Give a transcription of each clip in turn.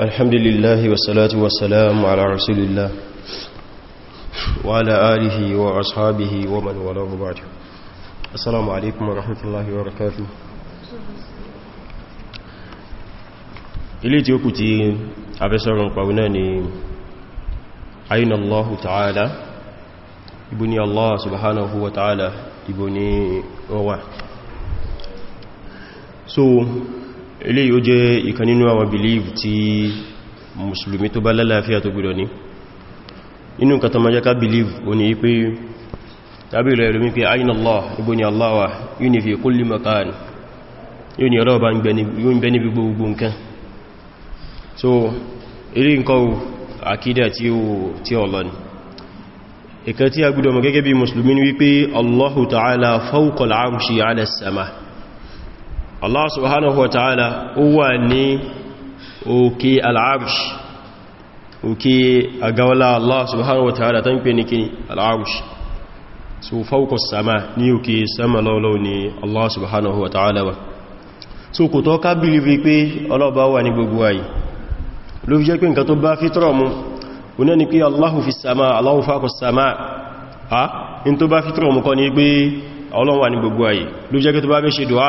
الحمد لله والصلاة والسلام على رسول الله وعلى آله وأصحابه ومن ولاه بعد السلام عليكم ورحمة الله وبركاته ilé tí ó kù tí abẹ́sọ̀rọ̀ pàwọn náà ni ayin Allah ta'ala ibo ni Allah subhanahu wa ta'ala ibo ni ó wà so eléyìí ó jẹ́ ìkan nínú àwọn belief tí mùsùlùmí tó bá lálàáfíà tó gbọ́dọ̀ ní inú nǹkan tó ma jẹ́ ká belief ó ní pé tàbí rẹ̀ lómi pé aina Allah ibo ni Allah wà yóò ní fi kulli makan yóò ní ọlọ́ọ̀bá ń bẹ níbi gbogbo nǹkan so eré nǹkan àkídà tí ọlọ́ ni ìkan tí a gbọ́dọ̀ mọ̀ gẹ́gẹ́ bí mùsùlùmí ni wípé Allahu ta'ala fawqa arshi ala sama Allah subhanahu wa ta'ala ó wà ní òkè al'arsh òkè agawala Allah subhanahu wa ta'ala tán pè ní kí al'arsh so fawqa sama ní òkè sama lọ́lọ́ ni Allah subhanahu wa ta'ala wa so kò tọ́ ká bílífì pé ọlọ́ba wà ní gbogbo ayé ló fi jẹ́ pé nǹkan tó bá fítọ́rọ̀ mú oná ni pé Allahu fi sama Allahu fawqa sama ha in tó bá fítọ́rọ̀ mú kọ́ ni pé Ọlọ́run wà gbogbo ayé ló fi jẹ́ pé tó bá fẹ́ ṣe dùá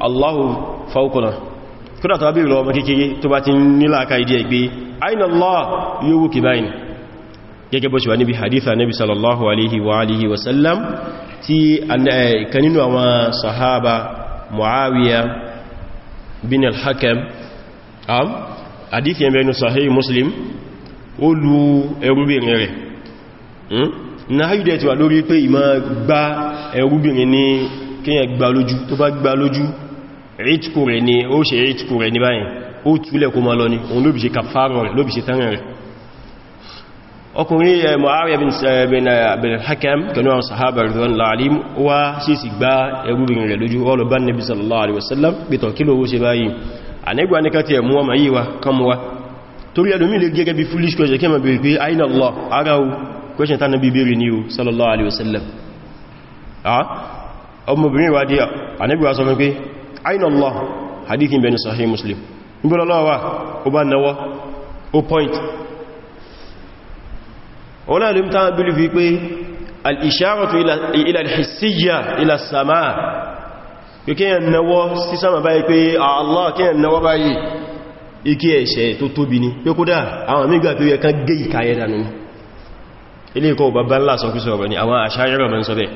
Allahu fawquna kódà tàbí ìlọ ọmọ kékeré tó bá ti nílá aka ìdí ẹgbé aina Allah yóò wú kìbáyìn gẹ́gẹ́ bó ṣe wà níbi haditha nabi sallallahu alaihi wa alihi wasallam tí kaninu àwọn sahaba Muawiya bin al-Hakam am hadith yẹn bẹnu sahih Muslim ó lu ẹrúbìnrin rẹ̀ hmm? na hajjúdẹ̀ ti wà lórí rítkù rẹ̀ ni ó ṣe rítkù rẹ̀ ní báyìí ó túlẹ̀ kó ma lọ ní òun ló bí ṣe kàfàrọ̀ rẹ̀ ló bí ṣe tánrẹ̀ rẹ̀ ọkùnrin eh, Mu'awiya bin eh, eh, Hakam kanú àwọn sahaba ridwan la'alim wá sí sì gbá ẹrúbìnrin rẹ̀ lójú ọlọ bá nabi sallallahu alaihi ọmọbìnrin wá dí sọ fún pé aina Allah hadithin bẹni sahih muslim níbí lọ́wọ́ ó bá náwọ́ ó point wọ́n náà lórí tán bílú fi pé al-isharatu ila al-hissiyya ila as-samaa pé kíyàn náwọ́ sí sama báyìí pé ah, Allah kíyàn náwọ́ báyìí ikí ẹ̀ṣẹ̀ tó tóbi ni pé kódà àwọn mígbà pé ẹ̀kan gé ìkayẹ̀ dànù ilé ikọ̀ bàbá ńlá sọ kúsọ̀rọ̀ ni àwọn àṣáyẹ̀rọ̀ mẹ́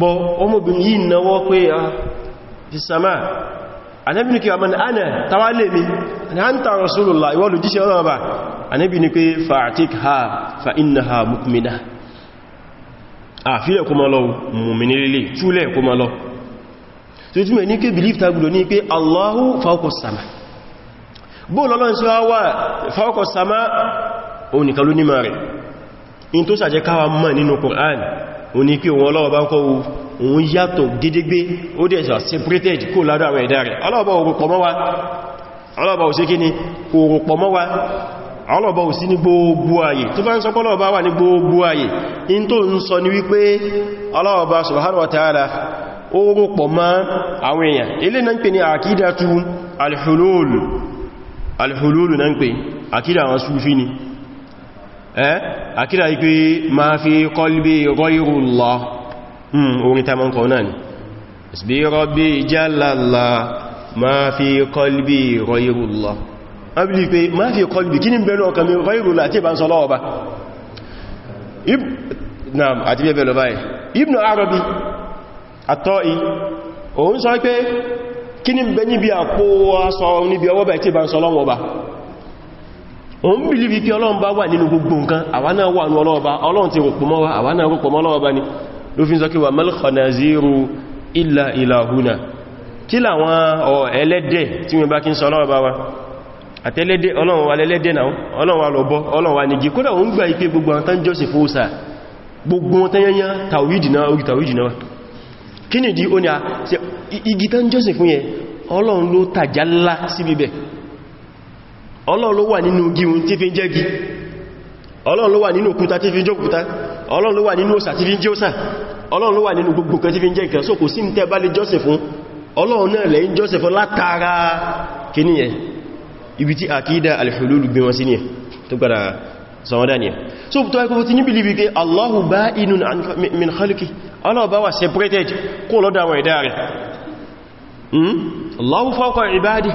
bọ́ ọmọbìnrin yìí náwọ́ pé ah, fi sama Ànábì ní kí wọ́n ana tawale mi ni hanta rasulullah iwọ́lu jíṣẹ́ ọlọ́wọ́ ba Ànábì ní pé fa'atik ha fa inna ha mukmina a fílẹ̀ kuma lọ mummini lele túlẹ̀ kuma lọ tó túnmẹ̀ ní pé belief tagulo ní pé allahu fawqas sama bóòlọ́ lọ́n sí wá fawqas sama òun nìkan ló ní mara in tó sàjẹ́ káwa mọ̀ nínú Qur'an o ní pé wọn ọlọ́wọ́ bá kọ́ òun yàtọ̀ gédégbé ó dẹ̀ sà separated kó ládọ́ àwọn ẹ̀dá rẹ̀ ọlọ́ọ̀bá òrùpọ̀ mọ́ wa ọlọ́ọ̀bá ni wa ọlọ́ọ̀bá ò sí ni gbogbo ayé gbogbo in ni wípé subhanahu wa ta'ala na ń pè ní na ń akida àkídà àkídà eh? ipé ma fi qalbi ghayrullah hmm, orin ta mọ́kọ̀ náà ni isbi rabbi jálàlá ma fi qalbi ghayrullah abúlé pé ma fi qalbi kí ní bẹ̀rẹ̀ ọkà mi ghayrullah tí bá ń sọlọ́wọ́ ba àti bẹ́ẹ̀ lọ báyìí Ibn Arabi àtọ́ì òun sọ pé kí ní bẹ̀ níbi àpò aṣọ níbi ọwọ́ tí bá ń sọlọ́wọ́ ba o ń bìlìbì pé ọlọ́run bá wà nínú gbogbo nǹkan àwa náà wà ní ọlọ́ọba ọlọ́run ti rọ̀pọ̀ mọ́ wa náà rọ̀pọ̀ mọ́ ni ló fi ń sọ kí wà malkhanaziru illa ilahuna kí làwọn ẹlẹ́dẹ̀ tí wọ́n bá kí ń sọ ọlọ́ọba wa àtẹ́lẹ́dẹ̀ ọlọ́run wa lẹ́lẹ́dẹ̀ náà ọlọ́run wa lọ́bọ ọlọ́run wa nìgi kódà ó ń gbà ipé gbogbo àwọn tán jọ́sìn fóòsà gbogbo wọn tán ọlọ́run ló wà nínú gíun tí fi ń jẹ́gi ọlọ́run ló wà nínú òkúta tí fi ń jókúta ọlọ́run ló wà nínú òsà tí fi ń jẹ́ òsà ọlọ́run ló wà nínú gbogbo kan tí fi so kò sí tó gbára sọ̀wọ́dá ni ẹ̀ so tó ẹkùn tí níbi líbi pé Allahu ba'inun min khalqi Allah bá wà separated kó lọ́dọ̀ àwọn ẹ̀dá rẹ̀ hmm? Allahu fawqa ibadihi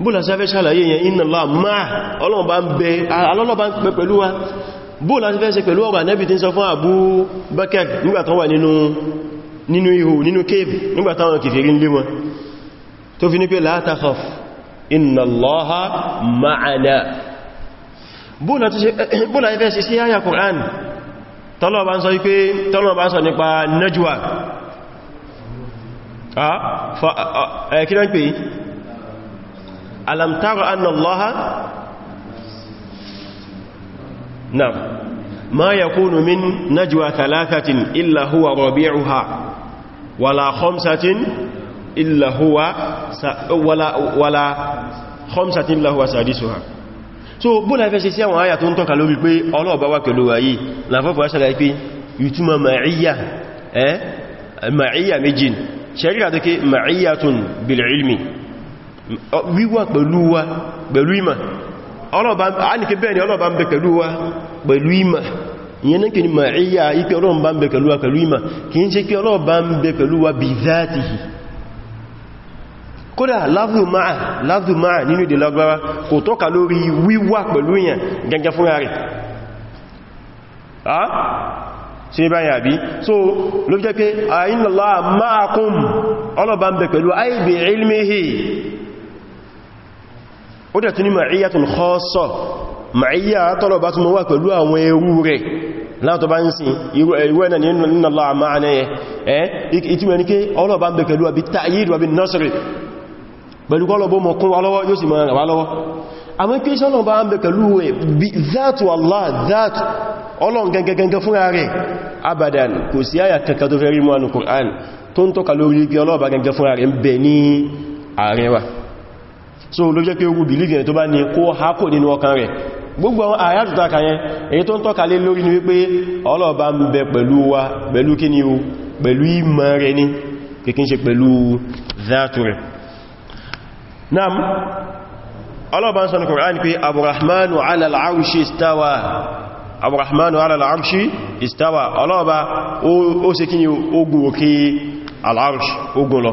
bóòlá sí fẹ́ ṣàlàyé yẹn inna Allah máa ọlọ́run bá ń bẹ alọ́lọ́ bá ń pẹ pẹ̀lú wa bóòlá sí fẹ́ ṣe pẹ̀lú ọ̀rọ̀ Ànábì tí ń sọ fún Abu Bakr nígbàtán wà nínú ihò nínú kéèbì nígbàtán wọn kìfèrí ń lé wọn tó fi ní pé la takhaf inna Allah alam tara anna allaha na ma yakunu min najwa thalathatin illa huwa rabi'uha wala khamsatin illa huwa wala wala khamsatin illa huwa sadisuha so bó la fẹ́ ṣe sí àwọn àyà tó ń tọ́ka lórí pé ọlọ́ọ̀bá wà pẹ̀lú wáyé làfọ́fọ́ ẹ́sẹ̀lẹ̀ pé ìtumọ̀ ma'íyà ẹ́ ma'íyà méjì ṣẹ̀ríra tó ké ma'íyà tún bil ilmi wíwà pẹ̀lú wa pẹ̀lú ìmọ̀ alìkẹ́ bẹ́ẹ̀ ni ọlọ́ọ̀bá ń bẹ pẹ̀lú wa pẹ̀lú ìmọ̀ ìyẹn náà kì ní ma'íyà ipé ọlọ́ọ̀bá ń bẹ pẹ̀lú wa pẹ̀lú ìmọ̀ kì í ṣe kí ń pẹ̀lú wa bí záàtìhì kódà láàrù máa láàrù wiwa ya ó dẹ̀ tún ní ma'íyà tún kọ́ọ̀sọ̀ ma'íyà tọ́lọ̀ bá tún mọ́ wà pẹ̀lú àwọn ẹrú rẹ̀ látọ̀ bá ń sin irú ẹ̀nà ní inna Allaha ma'ana ẹ̀ ìtumẹ̀ ní kí ọlọ́ bá ń bẹ pẹ̀lú àbí ta'yid wa bin nasri pẹ̀lú kọ́lọ̀ bó mọ̀ kún wa lọ́wọ́ yóò sì mọ̀ ràn wá lọ́wọ́ àmọ́ kí tó ń tọ́ka lórí igi ọlọ́ọ̀bá gẹngẹ fúnra rẹ̀ ń bẹ ní àárín wa so ló jẹ́ pé ogun believe yẹn tó bá ní kó hákò nínú ọkàn rẹ̀ gbogbo àwọn àyájúta kàyẹn èyí tó ń tọ́ka lé lórí ni wípé ọlọ́ọ̀bá ń bẹ pẹ̀lú wa pẹ̀lú kí ni o pẹ̀lú ìmọ̀ rẹ̀ ní kìkín ṣe pẹ̀lú záàtù rẹ̀ náà ọlọ́ọ̀bá ń sọ ní Kùránì pé Aburahmanu ala al-arshi istawa Aburahmanu ala al-arshi istawa ọlọ́ọ̀bá ó ṣe kí ni ogun òkè al-arshi ogun lọ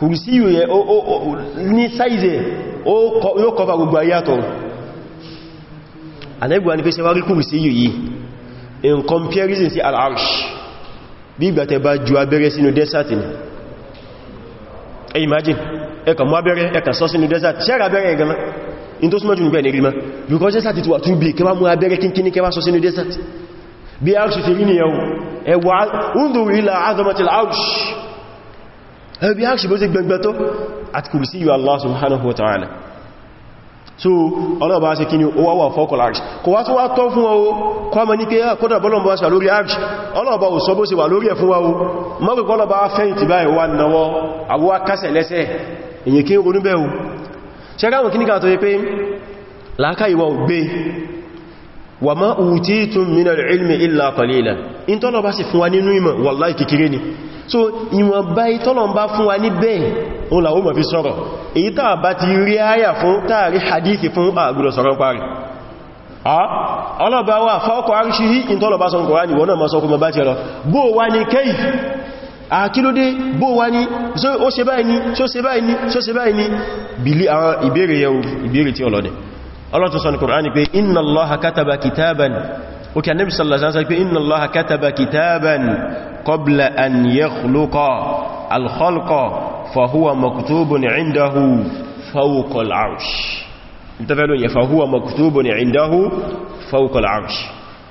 kùrùsí yẹ ní sáìzẹ̀ yóò kọfà gbogbo ayátọ̀ anẹ́gbà ní pé ṣe wá rí kùrùsí yìí in comparison sí al'arsh bí ìgbàtẹ̀ bá ju abẹ́rẹ́ sínú desert ni ẹ imagine ẹkà mú abẹ́rẹ́ ẹkà sọ sínú desert ṣẹ́rẹ̀ abẹ́rẹ́ ẹgbẹ̀mọ́ ẹbí a ṣe bó ṣe gbẹgbẹ tó àti kùrù sí yíò Allah subhanahu wa ta'ala so ọlọ́ọ̀bá ṣe kí ni ó wáwà fọ́kọ̀lá arṣì kò wá tó wá tọ́ fún wa o kọmọ ní pé ah, kódà bọ́lọ̀bá ṣe wà lórí arṣì ọlọ́ọ̀bá ò sọ bó ṣe wà lórí ẹ̀ fún wa o mọ́rùn kọlọ́bá fẹ́yìntì báyìí wà in tọ́lọ̀ bá sì fún wa nínú ìmọ̀ wàláì kékeré ni so ìwọ̀n bá ìtọ́lọ̀ bá fún wa ní bẹ́ẹ̀ òun làwọ́ mọ̀ fi sọ̀rọ̀ èyí tàà bá ti rí àyà fún tààrí hadithi fún àgbùdọ̀ sọ̀rọ̀ parí ọlọ́bá wà fọ́kọ̀ arṣíhí ìtọ́lọ̀bá sọ kòránì wọ́n náà ma sọ kò mọ̀ bá ti rọ bó wá ní kéyì àkílódé bó wá ní ó ṣe báyìí ní ṣó ọlọ́tún sọ ní kòránì pé inna Allaha kataba kitaban ó kí annabi sallallahu alaihi wasallam pé inna allaha kataba kitaban qabla an yakhluqa al-khalqa fa huwa maktubun 'indahu fawqa al-'arsh ìtafẹ́lú yẹ fa huwa maktubun 'indahu fawqa al-'arsh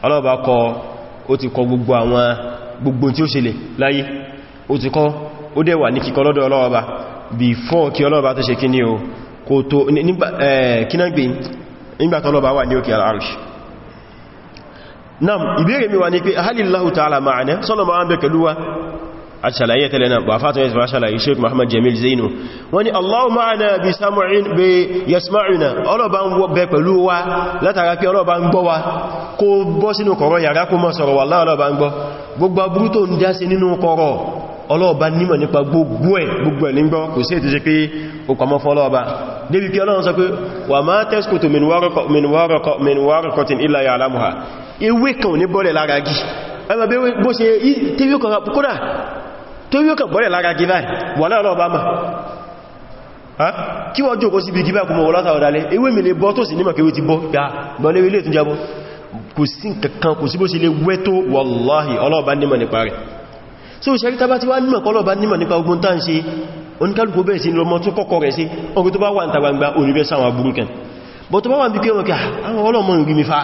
ọlọ́ba kọ ó ti kọ gbogbo àwọn gbogbo tí ó ṣẹlẹ̀ láyé ó ti kọ ó dẹ̀ wà ní kíkọ lọ́dọ̀ ọlọ́ọba nam ìbéèrè mi wà ní pé ahalillahu ta'ala ma'ana sọ́lọ̀mọ̀ an bẹ pẹ̀lú wa a ṣàlàyé tẹ́lẹ̀ náà wà fàtọ̀ yẹsùn aṣàlàyé sheik muhammad jamil zainu wọ́n ni allahu ma'ana bi samu'in bi yasma'ina ọlọ́ba ń bẹ pẹ̀lú wa látara pé ọlọ́ba ń gbọ́ wa kó bọ́ sínú kọ̀rọ̀ yàrá kó mọ́ sọ̀rọ̀ wallahi ọlọ́ba ń gbọ́ gbogbo aburú tó ń dá sí nínú kọ̀rọ̀ ọlọ́ọ̀bá nímọ̀ nípa gbogbo ẹ̀ gbogbo ẹ̀ nígbọ́ ewé kan ní bọ́lẹ̀ lára gí ẹmọ bí bó ṣe tíwí kan kódà tó wí ó kàn bọ́lẹ̀ lára gí báyìí wà náà lọ bá mà kí wọ́n jòkó sí ibi gíbá kùmọ̀ wọ́lọ́ta ọ̀dálẹ́ ewé mi lè bọ́ tó sì nímọ̀ kéwé ti bọ́ so ìṣẹ́rí tàbá ti wá nímọ̀ kọlọ́ọ̀bá nímọ̀ nípa ogun tá ń ṣe oníkálùkù bẹ́ẹ̀ sí lọmọ tó kọ́kọ́ rẹ̀ sí ọgbẹ́ tó bá wà ń tagbangba kí ah, àwọn ọlọ́mọ ìrìmìfà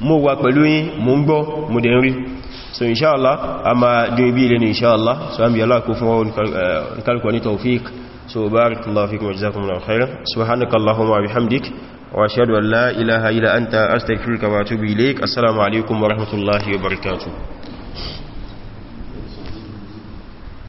mo wà pẹ̀lú yín mo ń gbọ́ mo dẹ̀ ń rí so inshallah a ma dùn ibi ilẹ̀ ni inshallah so an bí Allah kó fún wọn kalkwa ní tawfiq so barakallahu fikum wa jazakumullahu khairan subhanakallahumma wa bihamdik wa ashhadu an la ilaha illa anta astaghfiruka wa atubu ilaik assalamu alaikum wa rahmatullahi wa barakatuh